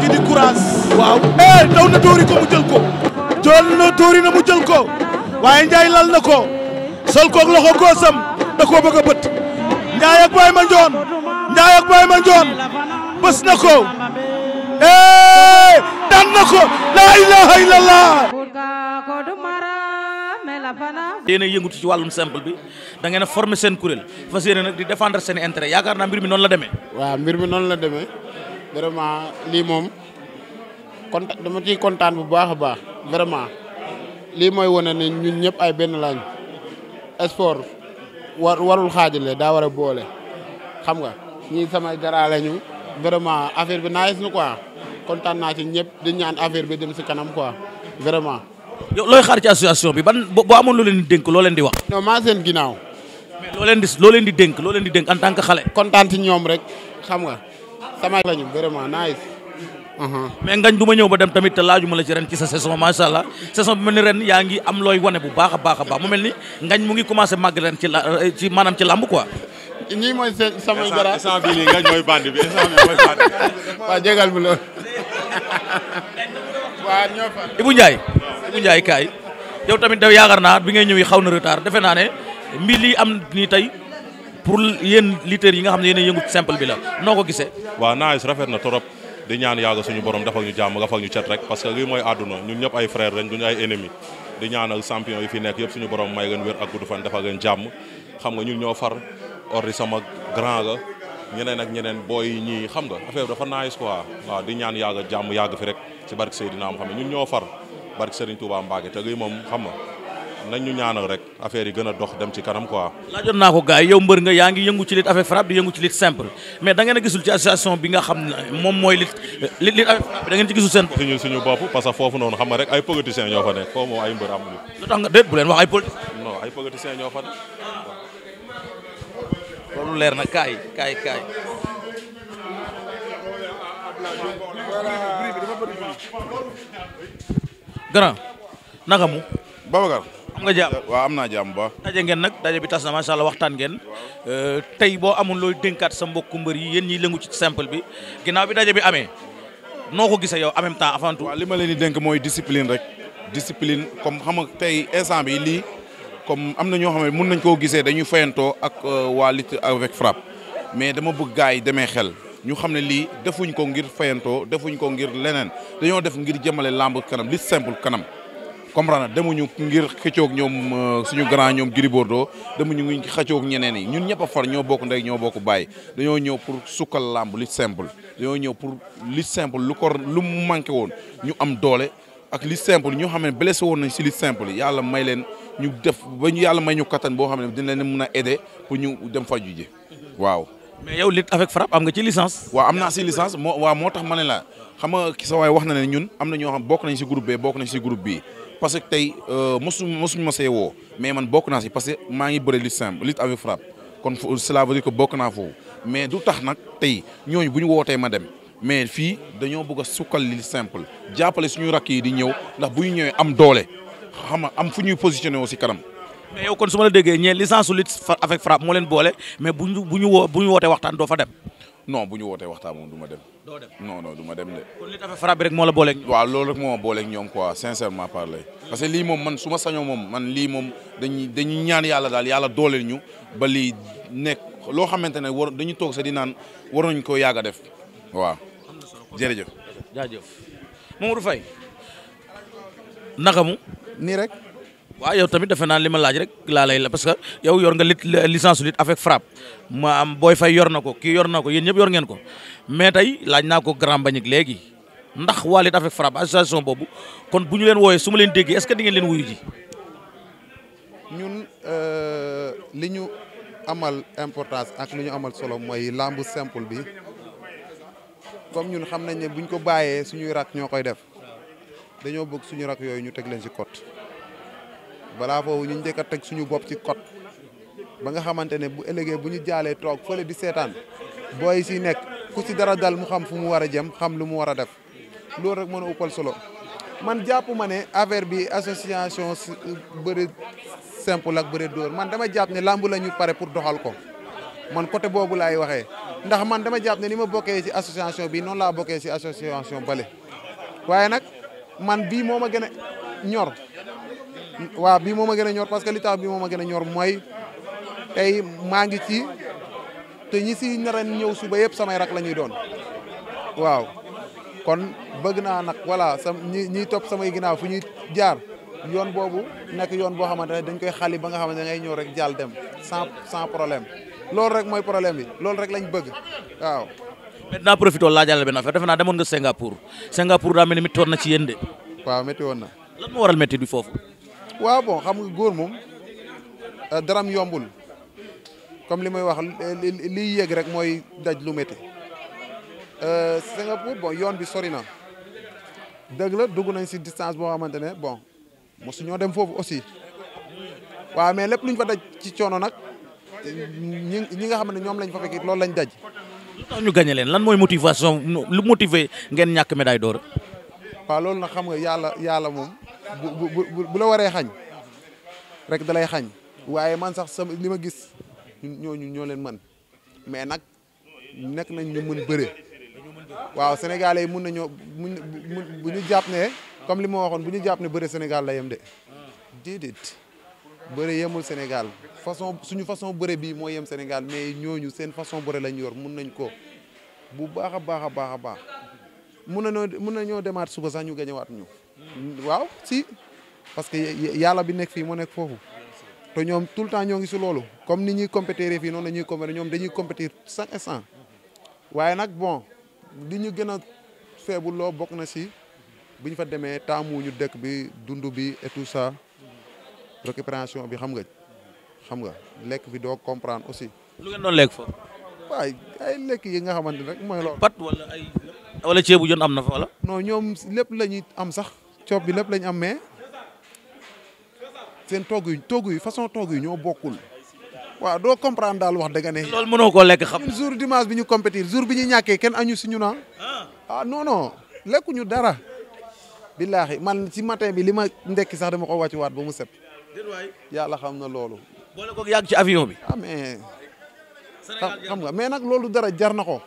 waa di courage. waaw eh daw na tóori ko mu jël ko. jël na tóori na mu jël ko. waaye Ndiaye lal na ko. sol koog loxo góosam da koo bëgg a bët. Ndiaye ak Baye Mandione. Ndiaye bës na ko. eh daan na ko. laa ilaha illallah. yéen a yëngutu ci wàllum simple bi da ngeen a seen kuréel fas yéene nag di défendre seen intérêt yaakaar naa mbir mi noonu la demee. waaw mbir mi noonu la demee. vraiment lii moom kontaan dama ciy kontaan bu baax a baax vraiment lii mooy wane ne ñun ñëpp ay benn lañ sport war warul xaajale daa war a boole xam nga ñii samay garaa lañu vraiment affaire bi nice na quoi kontaan naa ci ñëpp di ñaan affaire bi dem si kanam quoi vraiment. yow looy xaar ci association bi ban boo amoon loo leen di dénk loo leen di wax. non maa seen ginnaaw. leen di loo leen di dénk loo leen di dénk en tant que xale. kontaan ci ñoom rek xam nga. sama lañu vraiment nice. mais ngañ du ma ñëw ba dem tamit te laajuma la ci ren ci sa saison macha allah saison bi mel ni ren yaa ngi am looy wane bu baax a baax a baax mu mel ni ngañ mu ngi commencé màgg leen ci la euh, ci maanaam ci làmb quoi. nii mooy seen samay garab instant bii nii ngañ mooy bandi bi instant bii mooy bandi bi. waaw jégal mi loolu. yow tamit da yaakaar naa bi ngay ñëwee xaw na retard defe naa ne mbir lii am nii tey. pour yéen lutteurs yi nga xam ne yéen a yëngu simple bi la noo ko gisee. waaw naaj rafet na trop di ñaan yàgg suñu borom dafa ñu jàmm defal ñu cet rek parce que lii mooy àdduna ñun ñëpp ay frère lañ duñu ay ennemi di ñaanal champion yi fi nekk yëpp suñu borom may leen wér ak gudd fan defal leen jàmm xam nga ñun ñoo far ordi sama grand ga ñeneen ak ñeneen booy yi ñii xam nga affaire bi dafa naaj quoi waaw di ñaan yàgg jàmm yàgg fi rek ci barke Seydina Muhammad ñun ñoo far barke Serigne Touba Mbacké te lii moom xam nga nañ ñu ñaanal rek affaire yi gën a dox dem ci kanam quoi. laajoon naa ko gars yow mbër nga yaa ngi yëngu ci lutte avec frappe di yëngu ci lutte simple mais da gisul ci association bi nga xam ne moom mooy lutte lutte avec frappe da ngeen ci gisul seen. suñu suñu bopp parce que foofu noonu xam nga rek ay politiciens ñoo fa nekk foofu moom ay mbër ay politiciens. non ay politiciens ñoo leer na kaay kaay kaay. grand naka mu. am nga jàmm waaw am naa jàmm ba daje ngeen nag daje bi tas na macha allah waxtaan ngeen euh, tey boo amul looy dénkaat sa mbok mbër yi yéen ñiy lëngu ci simple bi ginnaaw bi daje bi amee noo ko gisee yow en même temps avant tout. li ma leen di dénk mooy discipline rek discipline comme xam nga tey instant bi lii comme am na ñoo xam ne mun nañ koo gisee dañuy fayantoo ak euh, waa lutte avec frappe mais dama bëgg gars yi demee xel ñu xam ne lii defuñ ko ngir fayantoo defuñ ko ngir leneen dañoo def ngir jëmale lamb kanam li simple kanam comprendre demuñu ngir xëccoog ñoom euh, suñu grand ñoom Gris Bordeaux demuñu ngi xëccoog ñeneen yi ñun ñëpp a far ñoo bokk ndey ñoo bokk bàyyi dañoo ñëw pour sukkal làmb li simple dañoo ñëw pour li simple lu ko lu mu manqué woon ñu am doole ak li simple ñoo xam ne blessé woon nañ si li simple yàlla may leen ñu def ba ñu yàlla may ñu kattan boo xam ne dina leen mun a aider pour ñu dem faju ji waaw. mais yow lutte avec frappe am nga ci licence. waa am naa si licence moo moo tax ma ne la xam nga ki sa waay wax na ñun am na ñoo xam bokk nañ si groupe bokk nañ si groupe bii parce que tey euh, mosu mosuñu ma see woo mais man bokk naa si parce que maa ngi bëri lutte simple lutte avec frappe kon cela veut dire que bokk naa foofu mais du tax nag tey ñooñu bu ñu wootee ma dem mais fii dañoo bëgg a sukkal li simple jàppale suñu rakk yi di ñëw ndax bu ñu ñëwee am doole xam nga am fu ñuy positionné aussi kanam. mais yow kon su ma la déggee ñee licence lutte avec frappe moo leen boole mais bu ñu bu ñu woo bu ñu wootee waxtaan doo fa dem. non bu ñu wootee waxtaan moom du ma dem. doo dem non ma dem de. kon li dafa frappé rek moo la booleeg ñoom. waaw loolu rek moo ma booleeg ñoom quoi sincèrement parler. parce que lii moom man su ma sañoo moom man lii moom dañuy dañuy ñaan yàlla daal yàlla dooleel ñu ba lii nekk loo xamante ne war dañu toog sax di naan war nañu koo yàgg a def. waaw jërëjëf. jaajëf Mamadou Faye naka mu. nii rek. waaw yow tamit defe naa li ma laaj rek laa lay la parce que yow yor nga lit licence lutte avec frappe maam booy fay yor na ko kii yor na ko yéen ñëpp yor ngeen ko mais tey laaj naa ko grand bañik léegi ndax waa lutte avec frappe association boobu kon bu ñu leen wooyee su ma leen déggee est-ce que di leen wuyu ñun euh, li ñu amal importance ak li ñu amal solo mooy lamb simple bi comme ñun xam nañ ne buñ ko bàyyee suñuy rak ñoo koy def dañoo bëgg suñu rak yooyu ñu teg leen ci côté. balaa foofu ñu njëkk a teg suñu bopp ci code ba nga xamante ne bu ëllëgee bu ñu jaalee toog fële di seetaan booy si nekk ku si dara dal mu xam fu mu war a jem xam lu mu war a def loolu rek mën a uppal solo man jàpp ma ne affaire bi association bëri simple ak bëri dóor man dama jaap ne làmb la ñu pare pour doxal ko man côté boobu laay waxee ndax man dama jàpp ne ni ma bokkee si association bi noonu laa bokkee si association bale waaye nag man bii moo ma gën a ñor waaw bii moom a gën a ñor parce que li tax bii moom a gën mooy tey maa ngi ci te ñi si nar a ñëw suba yëpp samay rak lañuy doon waaw kon bëgg naa nag voilà sa ñi ñiy topp samay ginnaaw fu ñuy jaar yoon boobu nekk yoon boo xamante ne dañ koy xali ba nga xamante ne ngay ñëw rek jàll dem sans sans problème loolu rek mooy problème bi loolu rek lañ bëgg waaw. mais dinaa profité laajal benn affaire defe naa demoon nga Singapour Singapour daa mel ni métti woon na ci yéen de. waaw métti na. lan bi foofu. waaw bon xam nga góor moom euh, daram yombul comme li may wax liy yéeg rek mooy daj lu métti euh, Singapour bon yoon bi sori na dëgg la dugg nañ si distance boo xamante ne bon mosu ñoo dem foofu aussi waa mais lépp luñ fa daj ci coono nag ñi ñi nga xam ne ñoom lañ fa fekk loolu lañ daj. lu a ñu gagné leen lan mooy motivation lu motiver ngeen ñàkk médaille d'or. waaw loolu nag xam nga yàlla yàlla moom. bu bu la waree xañ rek dalay xañ waaye man sax sama li ma gis ñooñu ñoo leen man mais nag nekk nañ ñu mën bëre waaw sénégalais yi mun nañoo mun bu ñu jàpp ne comme li ma waxoon bu ñu jàpp ne bëre Sénégal la yem de déedéet bëre yemul Sénégal façon suñu façon bëre bii moo yem Sénégal mais ñooñu seen façon bëre lañ yor mun nañ ko bu baax a baax a baax a baax mun nañoo mun nañoo demaat suba sax ñu gañewaat ñu. waaw si parce que yàlla bi nekk fii moo nekk foofu te ñoom tout le temps ñoo ngi si loolu comme ni ñuy compétir fii noonu la ñuy compétir ñoom dañuy compétir chaque instant waaye nag bon li ñu gën a faible loo bokk na si bu fa demee taamu ñu dëkk bi dund bi et tout ça récupération bi xam nga xam nga lekk bi doo comprendre aussi. lu ngeen doon lekk foofu. waaye ay lekk yi nga xamante rek mooy lool pat wala ceebu jën am na fa wala. non ñoom lépp la am sax. coob bi lépp lañ am mais seen togg yu togg yu façon togg yu ñoo bokkul waaw doo comprendre daal wax dëgg ne. loolu mënoo koo lekk xam. jour dimanche bi ñu compétir jour bi ñu ñàkkee kenn añu si ñu na ah, ah non lekkuñu dara. billaahi man si matin bi li ma ndekki sax dama ko wàcc waat ba mu set. yàlla xam na loolu. boole ko ci avion bi. ah mais xam mais nag loolu dara jar na ko.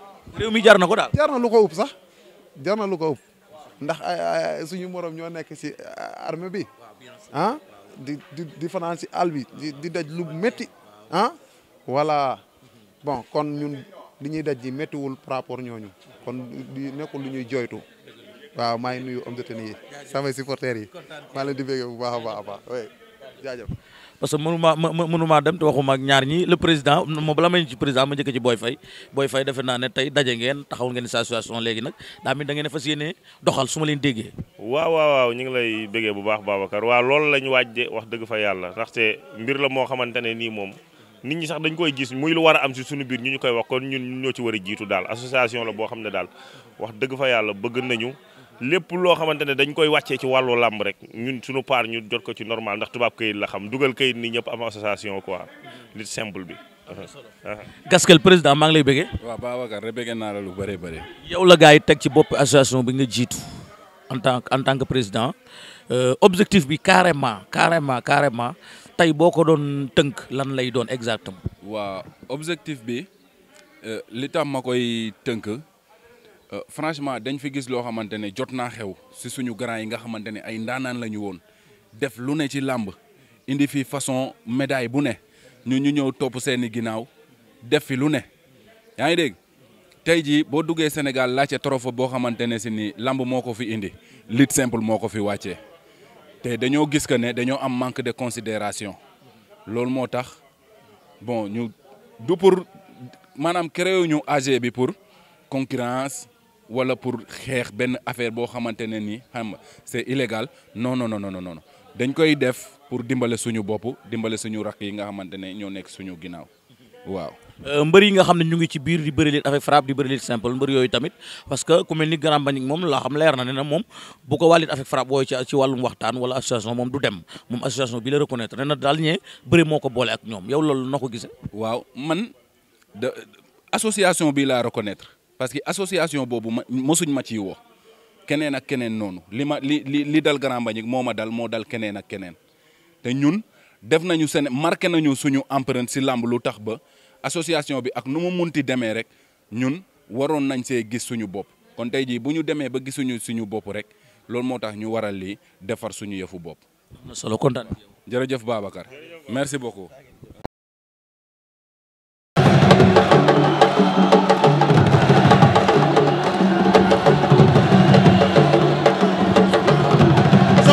mi jar na ko daal. jar na lu ko ëpp sax jar lu ko ëpp. ndax suñu morom ñoo nekk si arme bi ah di fanaan si àll bi di di daj lu métti ah voilà bon kon ñun li ñuy daj ji méttiwul par rapport ñooñu kon di nekkul lu ñuy jooytu waaw maa ngi nuyu homme de tenue yi samay supporters yi maa leen di bégge bu baax a baax a baax oui parce que mënumaa mënumaa dem te waxuma ak ñaar ñi le président ma bala may ci président ma njëkk ci Boy Faye Boy Faye defe naa ne tey daje ngeen taxaw ngeen sa léegi nag daa mi da ngeen fas yéene doxal su ma leen déggee waaw waaw waaw ñu ngi lay bëggee bu baax Babacar waaw loolu lañ waaj de wax dëgg fa yàlla ndaxte mbir la moo xamante ne nii moom nit ñi sax dañ koy gis muy lu war a am si suñu biir ñu ñu koy wax kon ñun ñoo ci war a jiitu daal association la boo xam ne daal wax dëgg fa yàlla bëgg nañu lépp loo xamante ne dañ koy wàccee ci wàllu làmb rek ñun sunu paar ñu jot ko ci normal ndax tubaab këyit la xam dugal këyit ni ñëpp am association quoi nit simple bi. Gaskel président maa ngi lay bëggee. waaw Babacar rek bëggee naa la lu bëree yow la gars yi teg ci bopp association bi nga jiitu en tant en tant que président euh, objectif bi carrément carrément carrément tey boo ko doon tënk lan lay doon exactement. waaw objectif bi euh, li tam ma koy tënk. Euh, franchement dañ fi gis loo xamante ne jot naa xew si suñu grand yi nga xamante ne ay ndaanaan la ñu woon def lu ne ci làmb indi fi façon médaille bu ne ñu ñu ñëw topp seeni ginnaaw def fi lu ne yaa ngi dégg tey jii boo duggee Sénégal laajte trophée boo xamante ne si ni lamb moo ko fi indi lutte simple moo ko fi wàccee te dañoo gis que ne dañoo am manque de considération loolu moo tax bon ñu du pour maanaam créé ñu AG bi pour concurrence wala pour xeex benn affaire boo xamante ne ni xam c'est illégal non non non non dañ koy def pour dimbale suñu bopp dimbale suñu rakk yi nga xamante ne ñoo nekk suñu ginnaaw waaw. Euh, mbër yi nga xam ne ñu ngi ci biir di bëri leen avec frappe di bëri leen simple mbër yooyu tamit parce que ku mel ni Grand Mbagnick moom laa xam leer na ne na moom bu ko wàllit avec frappe wooyu ci ci wàllum waxtaan wala association moom du dem moom association bi la reconnaître ne na daal ñee bëri moo ko boole ak ñoom yow loolu noo ko gisee. waaw man de association bi laa reconnaître parce que association boobu ma mosuñ ma ciy wo keneen ak keneen noonu li ma li li li dal Grand Mbagnick moo ma dal moo dal keneen ak keneen te ñun def nañu seen marqué nañu suñu empreinte si làmb lu tax ba association bi ak nu mu munti demee rek ñun waroon nañ see gis suñu bopp kon tey jii bu ñu demee ba gisuñu suñu bopp rek loolu moo tax ñu waral lii defar suñu yëfu bopp. am na solo merci beaucoup.